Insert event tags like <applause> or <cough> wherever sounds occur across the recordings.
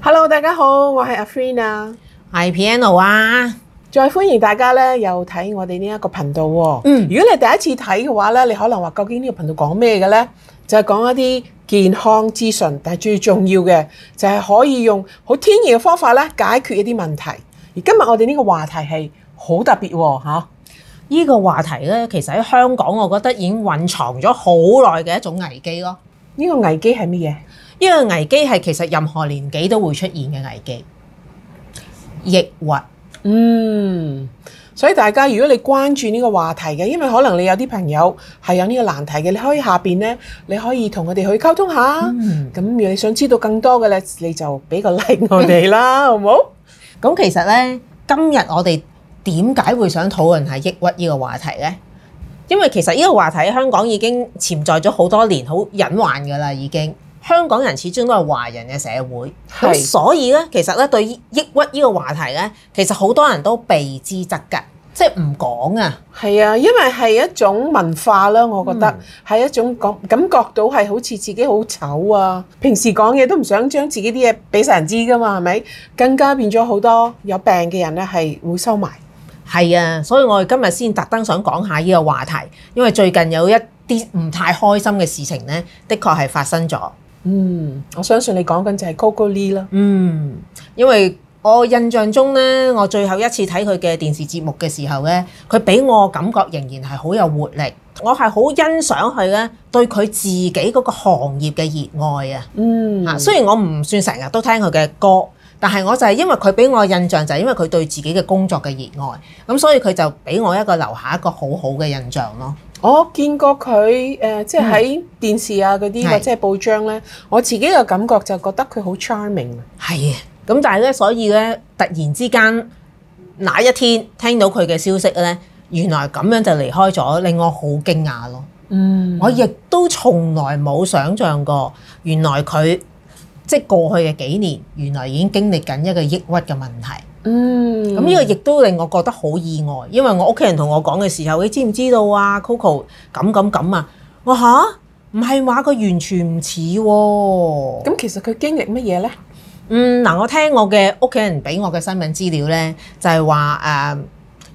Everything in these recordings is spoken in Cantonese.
Hello，大家好，我係 Afreen 啊，係 Piano 啊，再歡迎大家咧又睇我哋呢一個頻道。嗯，如果你第一次睇嘅話咧，你可能話究竟這個頻說呢個頻道講咩嘅咧？就係講一啲健康資訊，但係最重要嘅就係可以用好天然嘅方法咧解決一啲問題。而今日我哋呢個話題係好特別吓，呢、這個話題咧其實喺香港，我覺得已經蘊藏咗好耐嘅一種危機咯。呢、這個危機係乜嘢？呢、這個危機係其實任何年紀都會出現嘅危機，抑鬱。嗯，所以大家如果你關注呢個話題嘅，因為可能你有啲朋友係有呢個難題嘅，你可以下邊呢，你可以同我哋去溝通一下。咁、嗯、如果你想知道更多嘅呢，你就俾個 Like 我哋啦，嗯、 <laughs> 好唔好？咁其實呢，今日我哋點解會想討論下抑鬱呢個話題呢？因為其實呢個話題喺香港已經潛在咗好多年，好隱患噶啦，已經。香港人始終都係華人嘅社會，咁所以呢，其實呢對於抑鬱呢個話題呢，其實好多人都避之則吉，即係唔講啊。係啊，因為係一種文化啦，我覺得係、嗯、一種感感覺到係好似自己好醜啊。平時講嘢都唔想將自己啲嘢俾曬人知噶嘛，係咪？更加變咗好多有病嘅人呢，係會收埋。係啊，所以我哋今日先特登想講下呢個話題，因為最近有一啲唔太開心嘅事情呢，的確係發生咗。嗯，我相信你講緊就係 Coco Lee 啦。嗯，因為我印象中呢，我最後一次睇佢嘅電視節目嘅時候呢，佢俾我感覺仍然係好有活力。我係好欣賞佢咧，對佢自己嗰個行業嘅熱愛啊。嗯，雖然我唔算成日都聽佢嘅歌，但係我就係因為佢俾我印象就係因為佢對自己嘅工作嘅熱愛，咁所以佢就俾我一個留下一個好好嘅印象咯。我見過佢誒、呃，即係喺電視啊嗰啲、嗯、或者係報章呢，我自己嘅感覺就覺得佢好 charming 啊。係啊，咁但係呢，所以呢，突然之間哪一天聽到佢嘅消息呢，原來咁樣就離開咗，令我好驚訝咯。嗯，我亦都從來冇想象過，原來佢即過去嘅幾年，原來已經經歷緊一個抑鬱嘅問題。嗯，咁呢個亦都令我覺得好意外，因為我屋企人同我講嘅時候，你知唔知道啊？Coco 咁咁咁啊！我吓唔係話佢完全唔似喎。咁、嗯、其實佢經歷乜嘢呢？嗯嗱，我聽我嘅屋企人俾我嘅新聞資料呢，就係話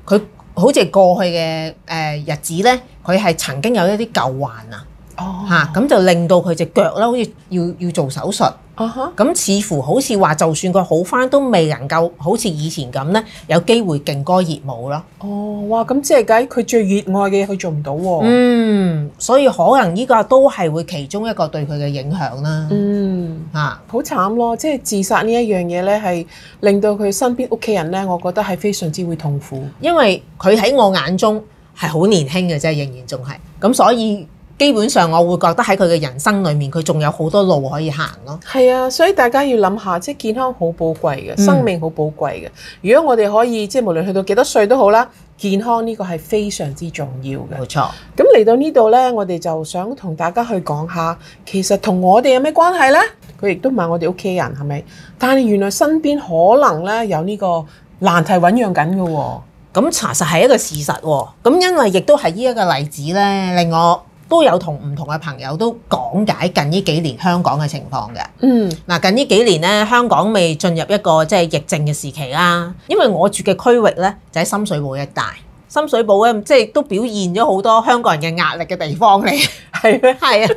誒，佢、呃、好似係過去嘅誒、呃、日子呢，佢係曾經有一啲舊患啊。嚇、哦、咁、啊、就令到佢隻腳好似要要做手術。咁、啊、似乎好似話，就算佢好翻，都未能夠好似以前咁呢，有機會勁歌熱舞咯。哦，哇！咁即係佢最熱愛嘅嘢佢做唔到喎、啊。嗯，所以可能呢個都係會其中一個對佢嘅影響啦。嗯，好、啊、慘咯！即係自殺呢一樣嘢呢，係令到佢身邊屋企人呢，我覺得係非常之會痛苦。因為佢喺我眼中係好年輕嘅啫，仍然仲係咁，所以。基本上，我會覺得喺佢嘅人生裏面，佢仲有好多路可以行咯。係啊，所以大家要諗下，即健康好寶貴嘅，生命好寶貴嘅。嗯、如果我哋可以即係無論去到幾多歲都好啦，健康呢個係非常之重要嘅。冇錯。咁嚟到呢度呢，我哋就想同大家去講一下，其實同我哋有咩關係呢？佢亦都唔係我哋屋企人，係咪？但係原來身邊可能呢，有呢個難題醞釀緊嘅喎。咁、嗯、查實係一個事實喎。咁因為亦都係呢一個例子呢，令我。都有同唔同嘅朋友都講解近呢幾年香港嘅情況嘅。嗯，嗱，近呢幾年咧，香港未進入一個即係疫症嘅時期啦。因為我住嘅區域咧就喺深水埗一帶，深水埗咧即係都表現咗好多香港人嘅壓力嘅地方嚟，係啊係啊。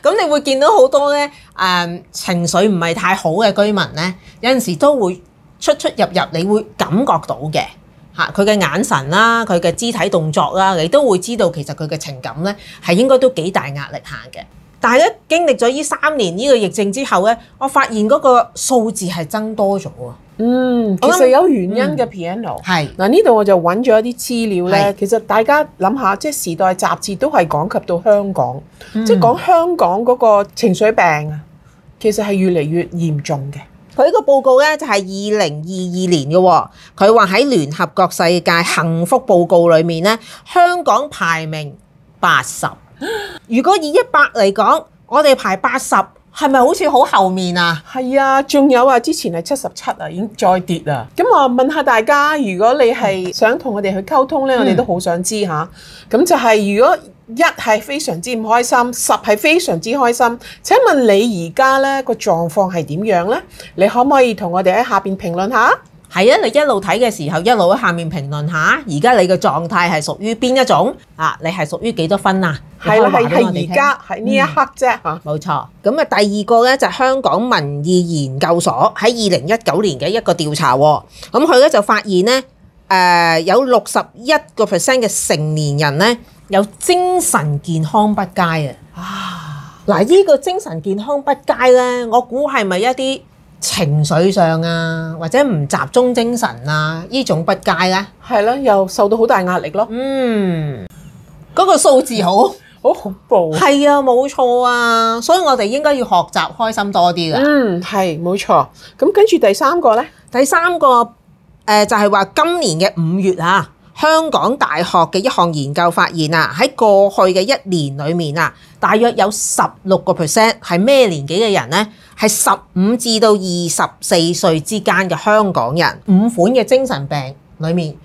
咁你會見到好多咧，誒、呃、情緒唔係太好嘅居民咧，有陣時都會出出入入，你會感覺到嘅。嚇，佢嘅眼神啦，佢嘅肢體動作啦，你都會知道其實佢嘅情感咧係應該都幾大壓力下嘅。但係咧經歷咗呢三年呢個疫症之後咧，我發現嗰個數字係增多咗啊。嗯我，其實有原因嘅、嗯。Piano 係，嗱呢度我就揾咗一啲資料咧。其實大家諗下，即係時代雜誌都係講及到香港，嗯、即係講香港嗰個情緒病啊，其實係越嚟越嚴重嘅。佢個個報告呢就係二零二二年喎。佢話喺聯合國世界幸福報告裏面呢，香港排名八十。如果以一百嚟講，我哋排八十。係咪好似好後面啊？係啊，仲有啊，之前係七十七啊，已經再跌啦。咁、嗯、我問下大家，如果你係想同我哋去溝通呢，我哋都好想知下。咁、嗯、就係如果一係非常之唔開心，十係非常之開心。請問你而家呢個狀況係點樣呢？你可唔可以同我哋喺下面評論下？係啊！你一路睇嘅時候，一路喺下面評論下。而家你嘅狀態係屬於邊一種啊？你係屬於幾多分啊？係係係而家喺呢一刻啫，吓、嗯。冇錯。咁啊，第二個咧就係香港民意研究所喺二零一九年嘅一個調查，咁佢咧就發現咧，誒、呃、有六十一個 percent 嘅成年人咧有精神健康不佳啊。嗱，呢個精神健康不佳咧，我估係咪一啲？情緒上啊，或者唔集中精神啊，呢種不佳呢，係啦、啊、又受到好大壓力咯。嗯，嗰、那個數字好、哦、好恐怖。係啊，冇錯啊，所以我哋應該要學習開心多啲㗎。嗯，係冇錯。咁跟住第三個呢，第三個誒、呃、就係、是、話今年嘅五月啊。香港大學嘅一項研究發現啊，喺過去嘅一年裏面啊，大約有十六個 percent 係咩年紀嘅人呢？係十五至到二十四歲之間嘅香港人，五款嘅精神病裏面，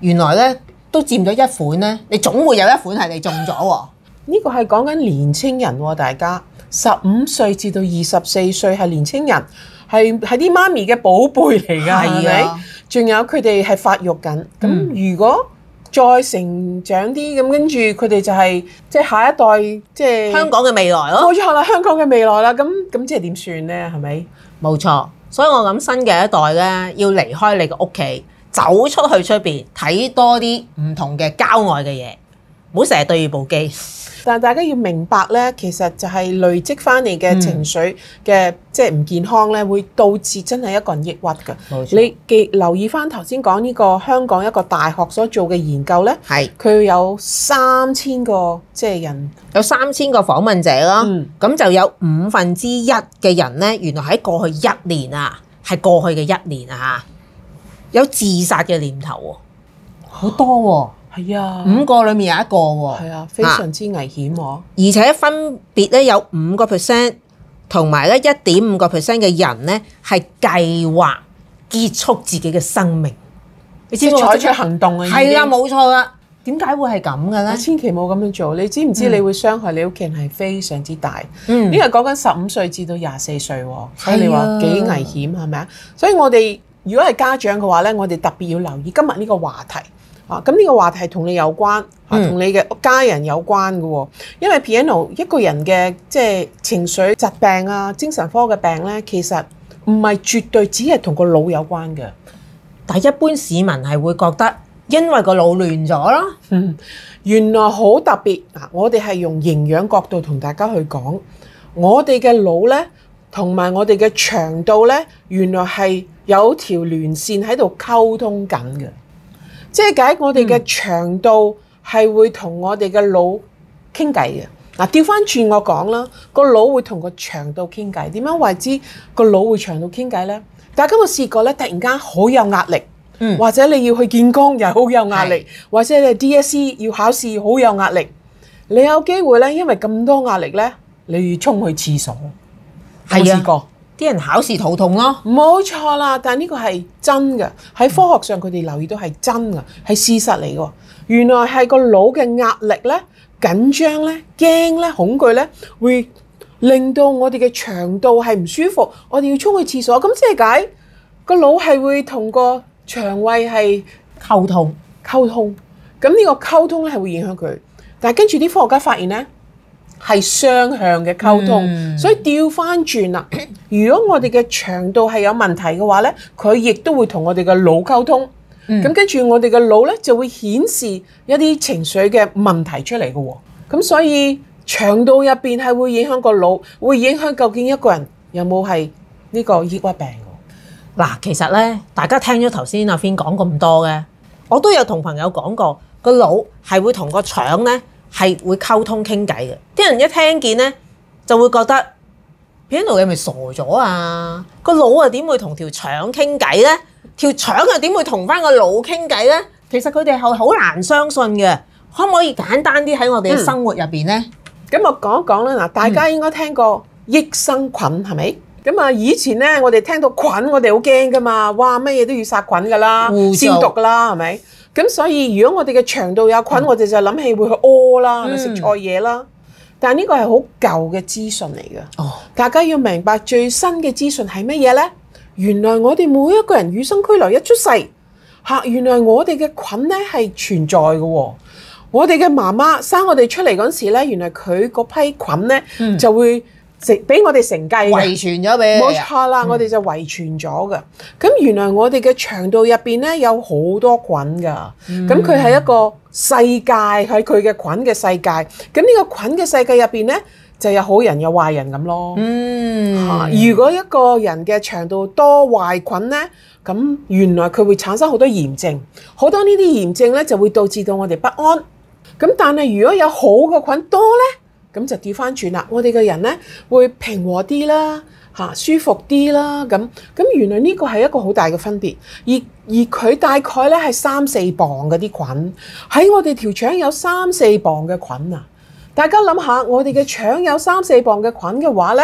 原來呢都佔咗一款呢，你總會有一款係你中咗喎。呢個係講緊年青人喎，啊，大家十五歲至到二十四歲係年青人。係啲媽咪嘅寶貝嚟㗎，係咪？仲有佢哋係發育緊，咁如果再成長啲，咁、嗯、跟住佢哋就係、係、即係下一代，即係香港嘅未來咯。冇錯啦，香港嘅未來啦，咁咁即係點算呢？係咪？冇錯，所以我諗新嘅一代咧，要離開你個屋企，走出去出面，睇多啲唔同嘅郊外嘅嘢。唔好成日對住部機。但大家要明白咧，其實就係累積翻嚟嘅情緒嘅，即係唔健康咧，嗯、會導致真係一個人抑鬱㗎。冇錯。你記留意翻頭先講呢個香港一個大學所做嘅研究咧，係佢有三千個即係、就是、人，有三千個訪問者咯。嗯。咁就有五分之一嘅人咧，原來喺過去一年啊，係過去嘅一年啊，有自殺嘅念頭喎，好多喎、啊。係啊，五個裏面有一個喎、啊，係啊，非常之危險喎、啊，而且分別咧有五個 percent 同埋咧一點五個 percent 嘅人咧係計劃結束自己嘅生命，你知冇、就係、採取行動嘅意思啊？係啊，冇錯啊，點解會係咁嘅咧？千祈冇咁樣做，你知唔知？你會傷害你屋企人係非常之大。嗯，呢個講緊十五歲至到廿四歲喎、啊啊，所以你話幾危險係咪啊？所以我哋如果係家長嘅話咧，我哋特別要留意今日呢個話題。啊，咁呢個話題同你有關，同、啊、你嘅家人有關嘅喎、嗯。因為 Piano 一個人嘅即係情緒疾病啊，精神科嘅病呢，其實唔係絕對只係同個腦有關嘅。但係一般市民係會覺得，因為個腦亂咗咯、嗯。原來好特別，我哋係用營養角度同大家去講，我哋嘅腦呢，同埋我哋嘅腸道呢，原來係有條連線喺度溝通緊嘅。即係解我哋嘅腸道係會同我哋嘅腦傾偈嘅。嗱，調翻轉我講啦，個腦會同個腸道傾偈。點樣為之個腦會腸道傾偈呢？大家有試過呢？突然間好有壓力，或者你要去見工又好有壓力，嗯、或者你 DSE 要考試好有，有壓力。你有機會呢？因為咁多壓力呢，你要沖去廁所。我試過。啲人考試肚痛咯，冇錯啦。但係呢個係真嘅，喺科學上佢哋留意到係真嘅，係事實嚟嘅。原來係個腦嘅壓力咧、緊張咧、驚咧、恐懼咧，會令到我哋嘅腸道係唔舒服，我哋要衝去廁所。咁即係解個腦係會同個腸胃係溝通溝通，咁呢個溝通咧係會影響佢。但係跟住啲科學家發現咧。係雙向嘅溝通，嗯、所以調翻轉啦。如果我哋嘅腸道係有問題嘅話呢，佢亦都會同我哋嘅腦溝通。咁跟住我哋嘅腦呢，就會顯示一啲情緒嘅問題出嚟嘅。咁所以腸道入面係會影響個腦，會影響究竟一個人有冇係呢個抑鬱病喎。嗱，其實呢，大家聽咗頭先阿軒講咁多嘅，我都有同朋友講過，個腦係會同個腸呢。係會溝通傾偈嘅，啲人一聽見咧，就會覺得 p 片頭係咪傻咗啊？個腦又點會同條腸傾偈咧？條腸又點會同翻個腦傾偈咧？其實佢哋係好難相信嘅。可唔可以簡單啲喺我哋嘅生活入邊咧？咁、嗯、我講一講啦，嗱，大家應該聽過益生菌係咪？咁啊，以前咧我哋聽到菌，我哋好驚噶嘛，哇！乜嘢都要殺菌噶啦，消毒噶啦，係咪？咁所以如果我哋嘅腸道有菌，嗯、我哋就諗起會去屙啦，去、嗯、食錯嘢啦。但係呢個係好舊嘅資訊嚟嘅，大家要明白最新嘅資訊係乜嘢呢？原來我哋每一個人與生俱來一出世，吓，原來我哋嘅菌呢係存在嘅。我哋嘅媽媽生我哋出嚟嗰時呢，原來佢嗰批菌呢就會。食俾我哋承繼，遺傳咗俾冇錯啦，我哋就遺傳咗噶。咁、嗯、原來我哋嘅腸道入面呢，有好多菌噶，咁佢係一個世界，係佢嘅菌嘅世界。咁呢個菌嘅世界入面呢，就有好人有壞人咁咯。嗯，如果一個人嘅腸道多壞菌呢，咁原來佢會產生好多炎症，好多呢啲炎症呢，就會導致到我哋不安。咁但係如果有好嘅菌多呢？咁就掉翻轉啦！我哋嘅人呢，會平和啲啦，吓舒服啲啦。咁咁原來呢個係一個好大嘅分別。而而佢大概呢係三四磅嗰啲菌，喺我哋條腸有三四磅嘅菌啊！大家諗下，我哋嘅腸有三四磅嘅菌嘅話呢，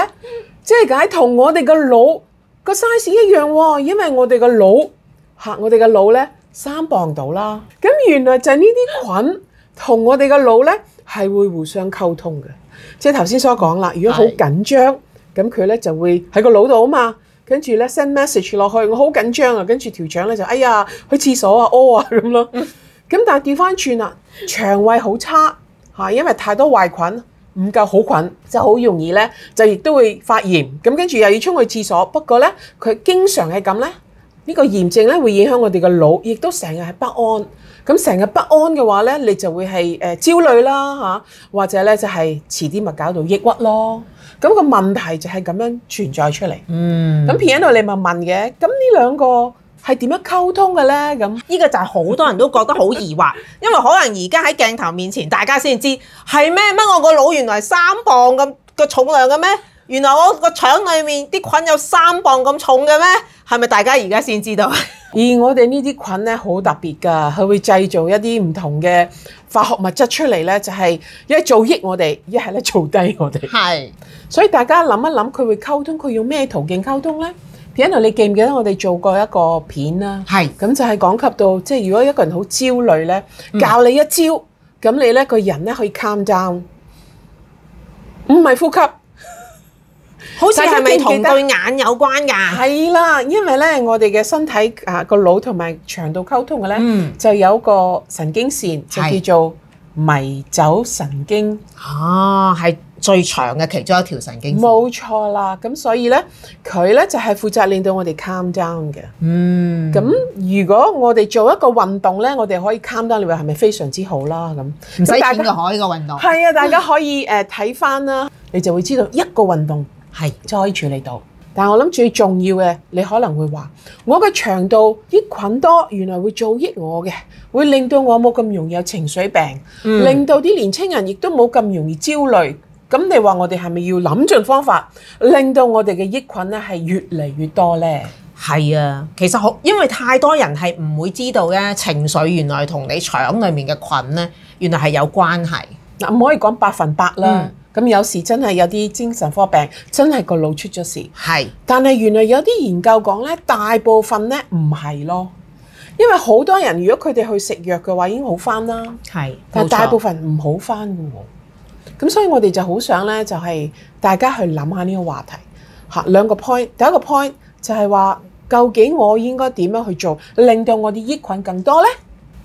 即係解同我哋嘅腦個 size 一樣喎。因為我哋嘅腦吓，我哋嘅腦呢，三磅到啦。咁原來就係呢啲菌同我哋嘅腦呢，係會互相溝通嘅。即係頭先所講啦，如果好緊張，咁佢咧就會喺個腦度啊嘛，跟住咧 send message 落去，我好緊張啊，跟住條腸咧就哎呀去廁所啊，屙啊咁咯。咁 <laughs> 但係調翻轉啦，腸胃好差吓，因為太多壞菌，唔夠好菌，就好容易咧就亦都會發炎。咁跟住又要衝去廁所，不過咧佢經常係咁咧。呢、這個炎症咧，會影響我哋嘅腦，亦都成日係不安。咁成日不安嘅話咧，你就會係、呃、焦慮啦嚇，或者咧就係遲啲咪搞到抑鬱咯。咁個問題就係咁樣存在出嚟。嗯。咁片喺度你是是問問嘅，咁呢兩個係點樣溝通嘅咧？咁、這、呢個就係好多人都覺得好疑惑， <laughs> 因為可能而家喺鏡頭面前，大家先知係咩？乜我個腦原來係三磅咁嘅重量嘅咩？原來我個腸裏面啲菌有三磅咁重嘅咩？係咪大家而家先知道？而我哋呢啲菌咧好特別噶，佢會製造一啲唔同嘅化學物質出嚟咧，就係一係做益我哋，一係咧做低我哋。係，所以大家諗一諗，佢會溝通，佢用咩途徑溝通咧？Piano，你記唔記得我哋做過一個片啦？係，咁就係講及到即係如果一個人好焦慮咧，教你一招，咁你咧個人咧可以 calm down，唔係呼吸。好似係咪同對眼有關㗎？係啦，因為咧，我哋嘅身體啊，個腦同埋腸道溝通嘅咧，就有一個神經線，就叫做迷走神經。啊，係最長嘅其中一條神經線。冇錯啦，咁所以咧，佢咧就係負責令到我哋 calm down 嘅。嗯，咁如果我哋做一個運動咧，我哋可以 calm down，你話係咪非常之好啦？咁唔使錢嘅海嘅運動。係啊，大家可以誒睇翻啦，你就會知道一個運動。係，就可以處理到。但係我諗最重要嘅，你可能會話：我嘅腸道益菌多，原來會造益我嘅，會令到我冇咁容易有情緒病，令到啲年青人亦都冇咁容易焦慮。咁你話我哋係咪要諗盡方法，令到我哋嘅益菌咧係越嚟越多呢？係啊，其實好，因為太多人係唔會知道咧，情緒原來同你腸裡面嘅菌咧，原來係有關係。嗱，唔可以講百分百啦。咁有時真係有啲精神科病，真係個腦出咗事。係，但係原來有啲研究講呢，大部分呢唔係咯，因為好多人如果佢哋去食藥嘅話，已經好翻啦。係，但係大部分唔好翻嘅喎。咁所以我哋就好想呢，就係大家去諗下呢個話題吓，兩個 point。第一個 point 就係話，究竟我應該點樣去做，令到我啲益菌更多呢？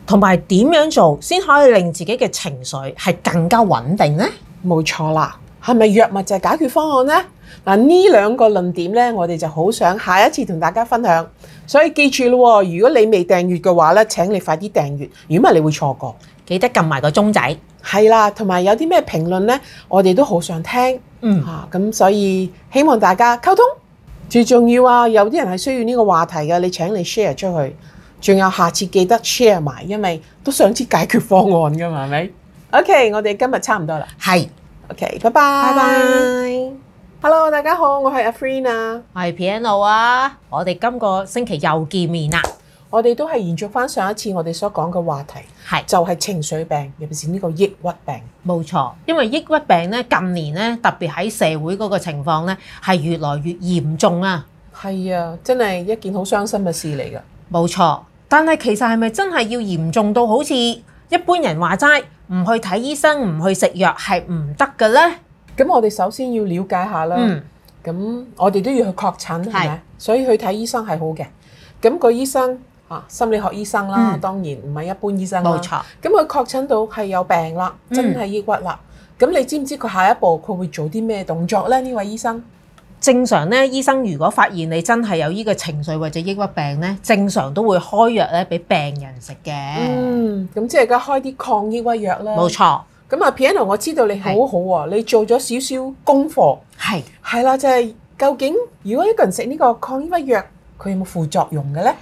同埋點樣做先可以令自己嘅情緒係更加穩定呢？冇錯啦，係咪藥物就係解決方案呢？嗱，呢兩個論點呢，我哋就好想下一次同大家分享。所以記住咯，如果你未訂閱嘅話呢，請你快啲訂閱，如果唔係你會錯過。記得撳埋個鐘仔，係啦，同埋有啲咩評論呢，我哋都好想聽。嗯吓，咁、啊、所以希望大家溝通，最重要啊！有啲人係需要呢個話題嘅，你請你 share 出去，仲有下次記得 share 埋，因為都想知解決方案噶嘛，係、嗯、咪？O.K.，我哋今日差唔多啦。係，O.K.，拜拜。拜拜。Hello，大家好，我係阿 Freena，我係 Piano 啊。我哋今個星期又見面啦。我哋都係延續翻上一次我哋所講嘅話題，係就係、是、情緒病，尤其是呢個抑鬱病。冇錯，因為抑鬱病咧，近年咧，特別喺社會嗰個情況咧，係越來越嚴重啊。係啊，真係一件好傷心嘅事嚟噶。冇錯，但係其實係咪真係要嚴重到好似一般人話齋？唔去睇醫生，唔去食藥係唔得嘅咧。咁我哋首先要了解一下啦。咁、嗯、我哋都要去確診，係咪？所以去睇醫生係好嘅。咁、個醫生嚇、啊，心理學醫生啦、嗯，當然唔係一般醫生啦。冇錯。咁佢確診到係有病啦，真係抑鬱啦。咁、嗯、你知唔知佢下一步佢會做啲咩動作咧？呢位醫生？正常咧，醫生如果發現你真係有呢個情緒或者抑鬱病咧，正常都會開藥咧俾病人食嘅。嗯，咁即係而家開啲抗抑鬱藥啦。冇錯。咁啊，Piano，我知道你很好好、啊、喎，你做咗少少功課。係。係啦、啊，就係、是、究竟如果一個人食呢個抗抑鬱藥，佢有冇副作用嘅咧？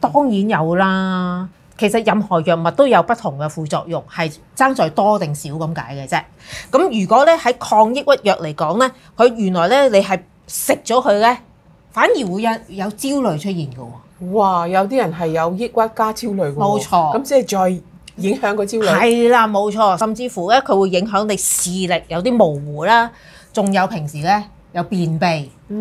當然有啦。其實任何藥物都有不同嘅副作用，係爭在多定少咁解嘅啫。咁如果咧喺抗抑鬱藥嚟講咧，佢原來咧你係。食咗佢呢，反而會有有焦慮出現嘅喎、哦。嘩！有啲人係有抑鬱加焦慮嘅、哦，冇錯。咁即係再影響個焦慮，係啦，冇錯。甚至乎呢，佢會影響你視力有啲模糊啦，仲有平時呢，有便秘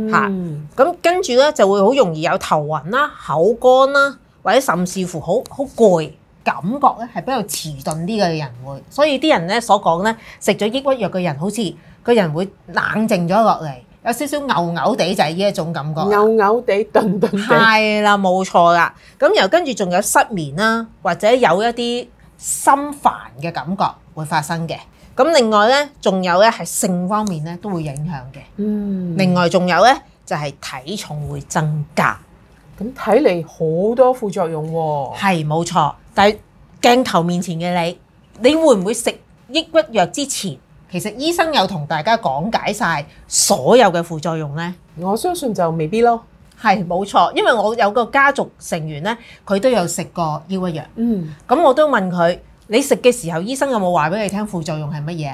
吓，咁、嗯、跟住呢，就會好容易有頭暈啦、口乾啦，或者甚至乎好好攰，感覺呢係比較遲鈍啲嘅人會。所以啲人呢所講呢，食咗抑鬱藥嘅人好似個人會冷靜咗落嚟。有少少嘔嘔地就係呢一種感覺，嘔嘔地、頓頓地，係啦，冇錯啦。咁又跟住仲有失眠啦，或者有一啲心煩嘅感覺會發生嘅。咁另外呢，仲有呢係性方面呢都會影響嘅。嗯。另外仲有呢，就係體重會增加。咁睇嚟好多副作用喎、啊。係冇錯，但係鏡頭面前嘅你，你會唔會食抑鬱藥之前？其實醫生有同大家講解晒所有嘅副作用呢？我相信就未必咯，係。係冇錯，因為我有個家族成員呢，佢都有食過呢個藥。嗯，咁我都問佢：你食嘅時候，醫生有冇話俾你聽副作用係乜嘢？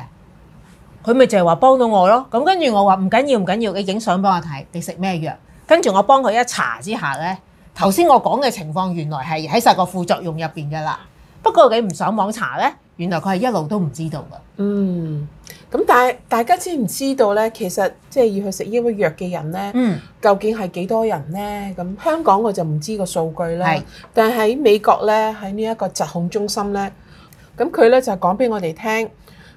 佢咪就係話幫到我咯。咁跟住我話唔緊要，唔緊要，你影相俾我睇，你食咩藥？跟住我幫佢一查之下呢，頭先我講嘅情況原來係喺晒個副作用入邊嘅啦。不過你唔上網查呢。原來佢係一路都唔知道噶。嗯，咁但係大家知唔知道呢？其實即係要去食抑鬱藥嘅人呢，嗯、究竟係幾多人呢？咁香港我就唔知個數據啦。嗯、但係美國呢，喺呢一個疾控中心呢，咁佢呢就講俾我哋聽，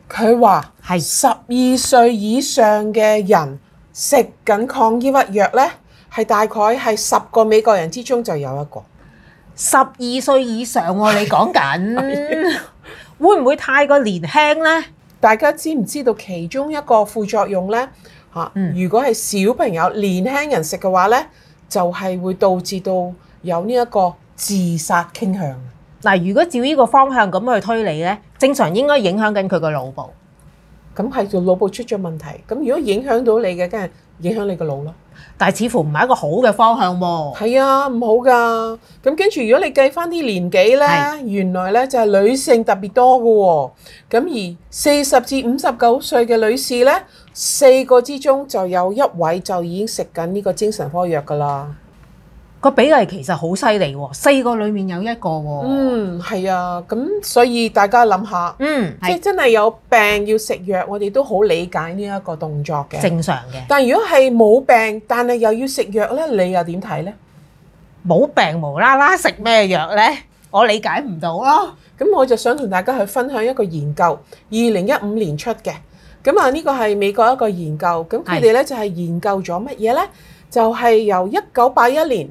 佢話係十二歲以上嘅人食緊抗抑鬱藥呢，係大概係十個美國人之中就有一個。十二歲以上喎、啊，你講緊？會唔會太過年輕呢？大家知唔知道其中一個副作用呢？嚇、嗯，如果係小朋友、年輕人食嘅話呢，就係、是、會導致到有呢一個自殺傾向。嗱，如果照呢個方向咁去推理呢，正常應該影響緊佢個腦部。咁係就腦部出咗問題。咁如果影響到你嘅，梗係影響你個腦囉。但係似乎唔係一個好嘅方向喎。係啊，唔好噶。咁跟住如果你計翻啲年紀呢，原來呢就係女性特別多噶。咁而四十至五十九歲嘅女士呢，四個之中就有一位就已經食緊呢個精神科藥噶啦。個比例其實好犀利喎，四個裡面有一個喎。嗯，係啊，咁所以大家諗下，嗯，即係真係有病要食藥，我哋都好理解呢一個動作嘅，正常嘅。但係如果係冇病，但係又要食藥呢，你又點睇呢？冇病無啦啦食咩藥呢？我理解唔到咯。咁我就想同大家去分享一個研究，二零一五年出嘅。咁啊，呢個係美國一個研究，咁佢哋呢就係研究咗乜嘢呢？就係由一九八一年，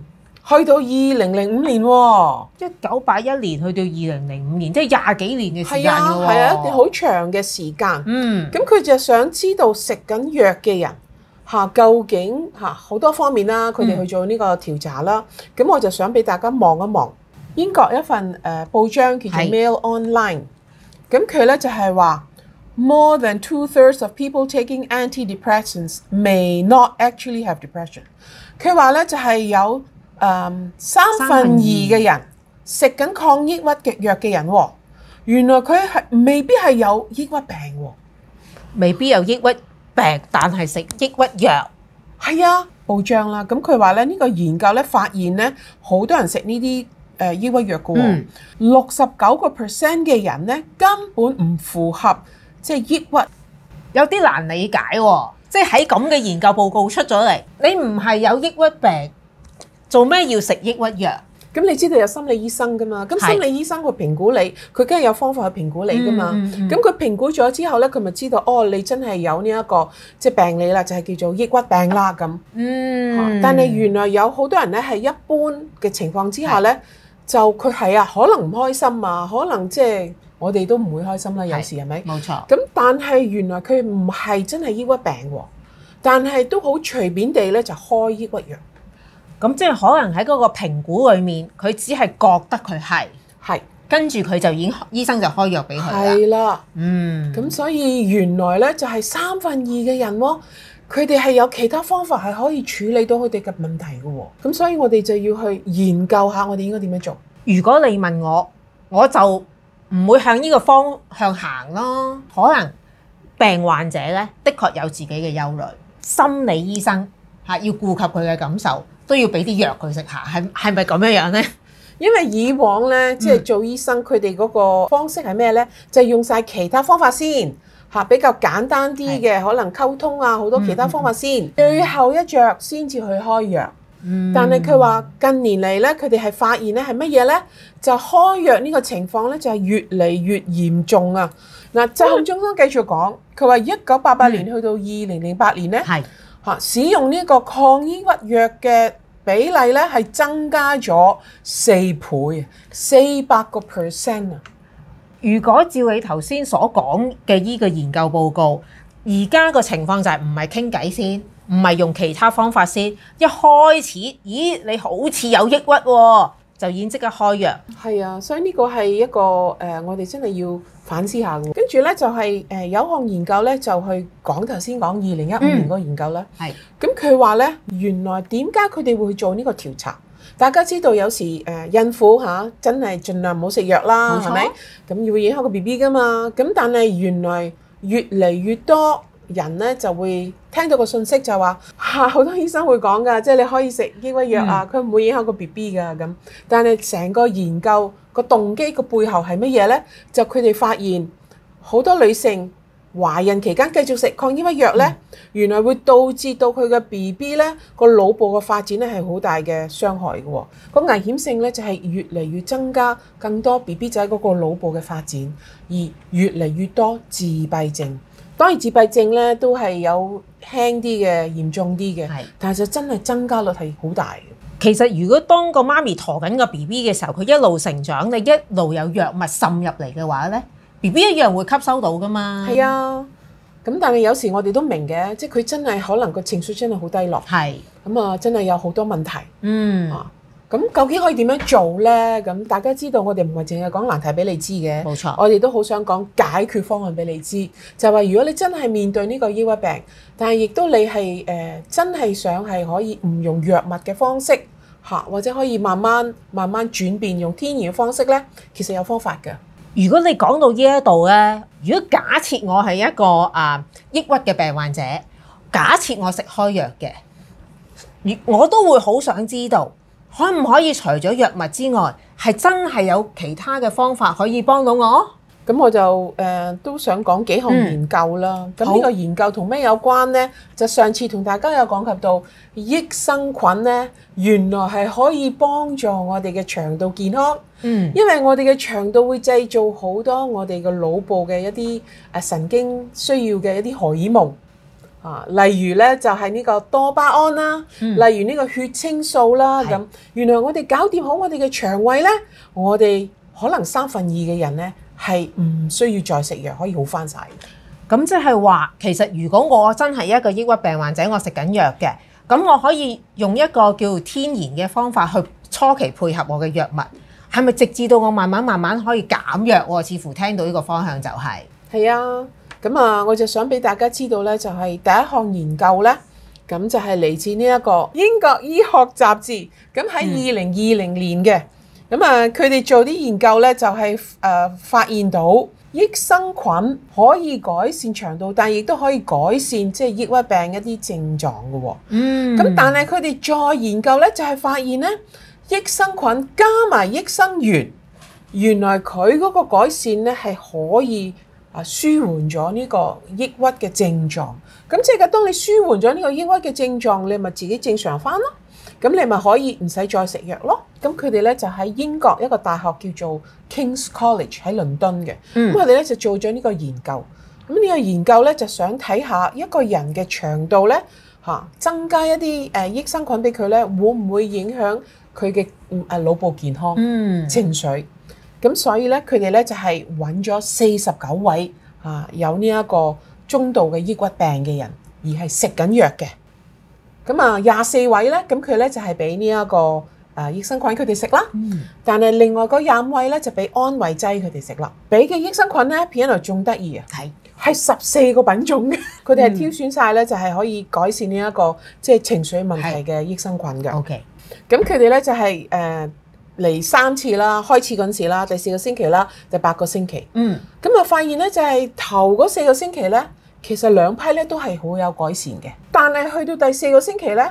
去到二零零五年喎，一九八一年去到二零零五年，即係廿幾年嘅時間㗎，係啊，一段好長嘅時間。嗯，咁佢就想知道食緊藥嘅人、啊、究竟嚇好、啊、多方面啦，佢哋去做呢個調查啦。咁、嗯、我就想俾大家望一望英國一份誒、呃、報章，叫做 Mail Online。咁佢咧就係話，more than two thirds of people taking antidepressants may not actually have depression。佢話咧就係、是、有。誒、um, 三分二嘅人二食緊抗抑鬱嘅藥嘅人喎、哦，原來佢係未必係有抑鬱病、哦，未必有抑鬱病，但係食抑鬱藥，係啊，暴章啦。咁佢話咧，呢個研究咧發現咧，好多人食呢啲誒抑鬱藥嘅喎，六十九個 percent 嘅人咧根本唔符合即係抑鬱，有啲難理解喎、哦。即係喺咁嘅研究報告出咗嚟，你唔係有抑鬱病。做咩要食抑鬱藥？咁你知道有心理醫生㗎嘛？咁心理醫生佢評估你，佢梗係有方法去評估你㗎嘛？咁、嗯、佢、嗯嗯、評估咗之後呢，佢咪知道哦，你真係有呢一個即係病理啦，就係、是、叫做抑鬱病啦咁。嗯，但係原來有好多人呢，係一般嘅情況之下呢，就佢係啊，可能唔開心啊，可能即係我哋都唔會開心啦、啊，有時係咪？冇錯。咁但係原來佢唔係真係抑鬱病，但係都好隨便地呢，就開抑鬱藥。咁即係可能喺嗰個評估裏面，佢只係覺得佢係，係跟住佢就已經醫生就開藥俾佢啦。係啦，嗯，咁所以原來呢，就係三分二嘅人喎，佢哋係有其他方法係可以處理到佢哋嘅問題嘅喎。咁所以我哋就要去研究下我哋應該點樣做。如果你問我，我就唔會向呢個方向行咯。可能病患者呢，的確有自己嘅憂慮，心理醫生吓要顧及佢嘅感受。都要俾啲藥佢食下，係咪咁樣樣呢？因為以往呢，即係做醫生佢哋嗰個方式係咩呢？就用曬其他方法先，比較簡單啲嘅，可能溝通啊，好多其他方法先，嗯、最後一着先至去開藥。嗯、但係佢話近年嚟呢，佢哋係發現呢係乜嘢呢？就開藥呢個情況呢，就係越嚟越嚴重啊！嗱，就向中心繼續講，佢話一九八八年去到二零零八年呢，嗯、使用呢個抗抑鬱藥嘅。比例咧係增加咗四倍，四百個 percent 啊！如果照你頭先所講嘅依個研究報告，而家個情況就係唔係傾偈先，唔係用其他方法先，一開始，咦你好似有抑鬱喎啊。就已經即刻開藥，係啊，所以呢個係一個誒，我哋真係要反思下嘅。跟住咧就係誒有項研究咧，就去講頭先講二零一五年個研究啦。係，咁佢話咧，原來點解佢哋會做呢個調查？大家知道有時誒，孕婦吓真係盡量唔好食藥啦，係咪？咁要會影響個 BB 㗎嘛。咁但係原來越嚟越多。人咧就會聽到個信息就話，嚇、啊、好多醫生會講噶，即係你可以食抑鬱藥啊，佢、嗯、唔會影響個 B B 噶咁。但係成個研究個動機個背後係乜嘢呢？就佢哋發現好多女性懷孕期間繼續食抗抑鬱藥呢、嗯，原來會導致到佢嘅 B B 呢個腦部嘅發展咧係好大嘅傷害嘅喎、哦，個危險性呢，就係、是、越嚟越增加，更多 B B 仔嗰個腦部嘅發展而越嚟越多自閉症。講起自閉症咧，都係有輕啲嘅、嚴重啲嘅，係，但係就真係增加率係好大嘅。其實如果當個媽咪陀緊個 B B 嘅時候，佢一路成長，你一路有藥物滲入嚟嘅話咧，B B 一樣會吸收到噶嘛。係啊，咁但係有時我哋都明嘅，即係佢真係可能個情緒真係好低落，係咁啊，真係有好多問題，嗯。啊，咁究竟可以點樣做呢？咁大家知道我哋唔係淨係講難題俾你知嘅，冇錯。我哋都好想講解決方案俾你知。就係話如果你真係面對呢個抑鬱病，但係亦都你係、呃、真係想係可以唔用藥物嘅方式吓或者可以慢慢慢慢轉變用天然嘅方式呢，其實有方法㗎。如果你講到呢一度咧，如果假設我係一個啊、呃、抑鬱嘅病患者，假設我食開藥嘅，我都會好想知道。可唔可以除咗藥物之外，係真係有其他嘅方法可以幫到我？咁我就誒、呃、都想講幾項研究啦。咁、嗯、呢個研究同咩有關呢？就上次同大家有講及到益生菌呢，原來係可以幫助我哋嘅腸道健康。嗯，因為我哋嘅腸道會製造好多我哋嘅腦部嘅一啲誒神經需要嘅一啲荷爾蒙。啊，例如咧就係、是、呢個多巴胺啦，嗯、例如呢個血清素啦，咁原來我哋搞掂好我哋嘅腸胃咧，我哋可能三分二嘅人咧係唔需要再食藥可以好翻晒、嗯。咁即係話，其實如果我真係一個抑鬱病患者，我食緊藥嘅，咁我可以用一個叫天然嘅方法去初期配合我嘅藥物，係咪直至到我慢慢慢慢可以減藥？我似乎聽到呢個方向就係。係啊。咁啊，我就想俾大家知道呢，就係、是、第一項研究呢，咁就係嚟自呢一個英國醫學雜誌。咁喺二零二零年嘅，咁、嗯、啊，佢哋做啲研究呢，就係、是、誒、呃、發現到益生菌可以改善腸道，但亦都可以改善即係、就是、抑鬱病一啲症狀嘅喎、哦。嗯。咁但係佢哋再研究呢，就係、是、發現呢，益生菌加埋益生元，原來佢嗰個改善呢，係可以。啊，舒緩咗呢個抑鬱嘅症狀，咁即係嘅。當你舒緩咗呢個抑鬱嘅症狀，你咪自己正常返咯。咁你咪可以唔使再食藥咯。咁佢哋咧就喺英國一個大學叫做 King's College 喺倫敦嘅，咁佢哋咧就做咗呢個研究。咁呢個研究呢就想睇下一個人嘅腸道呢，嚇增加一啲誒益生菌俾佢呢，會唔會影響佢嘅啊腦部健康、嗯、情緒？咁所以咧，佢哋咧就係揾咗四十九位啊，有呢一個中度嘅抑鬱病嘅人，而係食緊藥嘅。咁啊，廿四位咧，咁佢咧就係俾呢一個誒、啊、益生菌佢哋食啦。嗯、但係另外嗰廿五位咧，就俾安慰劑佢哋食啦。俾嘅益生菌咧，片喺度仲得意啊！係係十四個品種嘅，佢哋係挑選晒咧，就係、是、可以改善呢、這、一個即係、就是、情緒問題嘅益生菌嘅。O K。咁佢哋咧就係、是、誒。呃嚟三次啦，開始嗰陣時啦，第四個星期啦，第八個星期。嗯，咁啊發現呢，就係頭嗰四個星期呢，其實兩批呢都係好有改善嘅。但係去到第四個星期呢，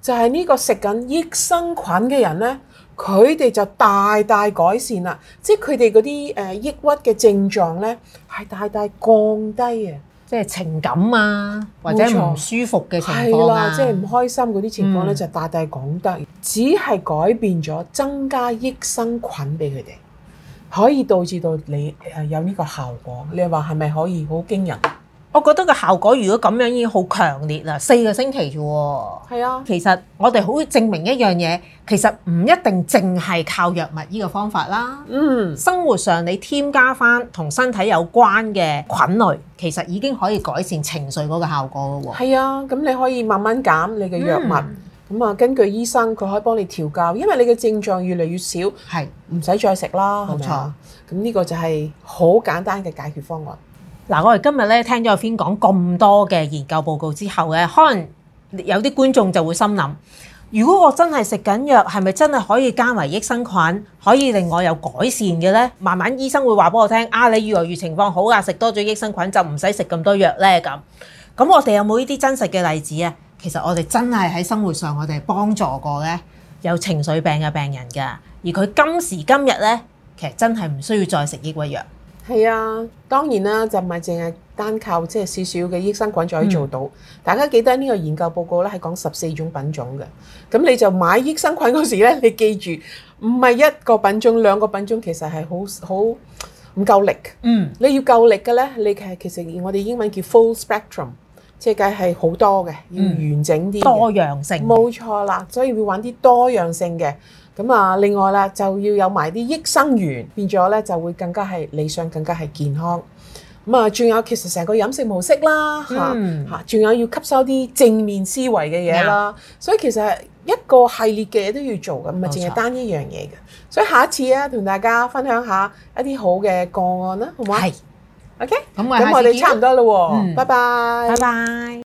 就係呢個食緊益生菌嘅人呢，佢哋就大大改善啦，即係佢哋嗰啲誒抑鬱嘅症狀呢，係大大降低嘅。即係情感啊，或者唔舒服嘅情況係啦，即係唔開心嗰啲情況咧，嗯、就大大講得，只係改變咗增加益生菌俾佢哋，可以導致到你誒有呢個效果。你話係咪可以好驚人？我覺得個效果如果咁樣已經好強烈啦，四個星期啫喎。係啊，其實我哋好證明一樣嘢，其實唔一定淨係靠藥物呢個方法啦。嗯，生活上你添加翻同身體有關嘅菌類，其實已經可以改善情緒嗰個效果噶喎。係啊，咁你可以慢慢減你嘅藥物，咁、嗯、啊根據醫生佢可以幫你調教，因為你嘅症狀越嚟越少，係唔使再食啦。冇錯，咁呢個就係好簡單嘅解決方案。嗱，我哋今日咧聽咗阿軒講咁多嘅研究報告之後咧，可能有啲觀眾就會心諗：如果我真係食緊藥，係咪真係可以加埋益生菌，可以令我有改善嘅咧？慢慢醫生會話俾我聽，啊，你越嚟越情況好啊，食多咗益生菌就唔使食咁多藥咧。咁咁，我哋有冇呢啲真實嘅例子啊？其實我哋真係喺生活上，我哋幫助過咧有情緒病嘅病人噶，而佢今時今日咧，其實真係唔需要再食抑鬱藥。係啊，當然啦，就唔係淨係單靠即係少少嘅益生菌就可以做到。嗯、大家記得呢個研究報告咧係講十四種品種嘅。咁你就買益生菌嗰時咧， <laughs> 你記住唔係一個品種、兩個品種，其實係好好唔夠力。嗯，你要夠力嘅咧，你其實其實我哋英文叫 full spectrum，即係計係好多嘅，要完整啲。多樣性。冇錯啦，所以會玩啲多樣性嘅。咁啊，另外啦，就要有埋啲益生元，變咗咧就會更加係理想，更加係健康。咁啊，仲有其實成個飲食模式啦，嚇嚇，仲有要吸收啲正面思維嘅嘢啦。所以其實係一個系列嘅嘢都要做嘅，唔係淨係單一樣嘢嘅。所以下一次啊，同大家分享下一啲好嘅個案啦，好唔好啊？係。OK。咁我咁我哋差唔多啦喎，拜拜，拜拜。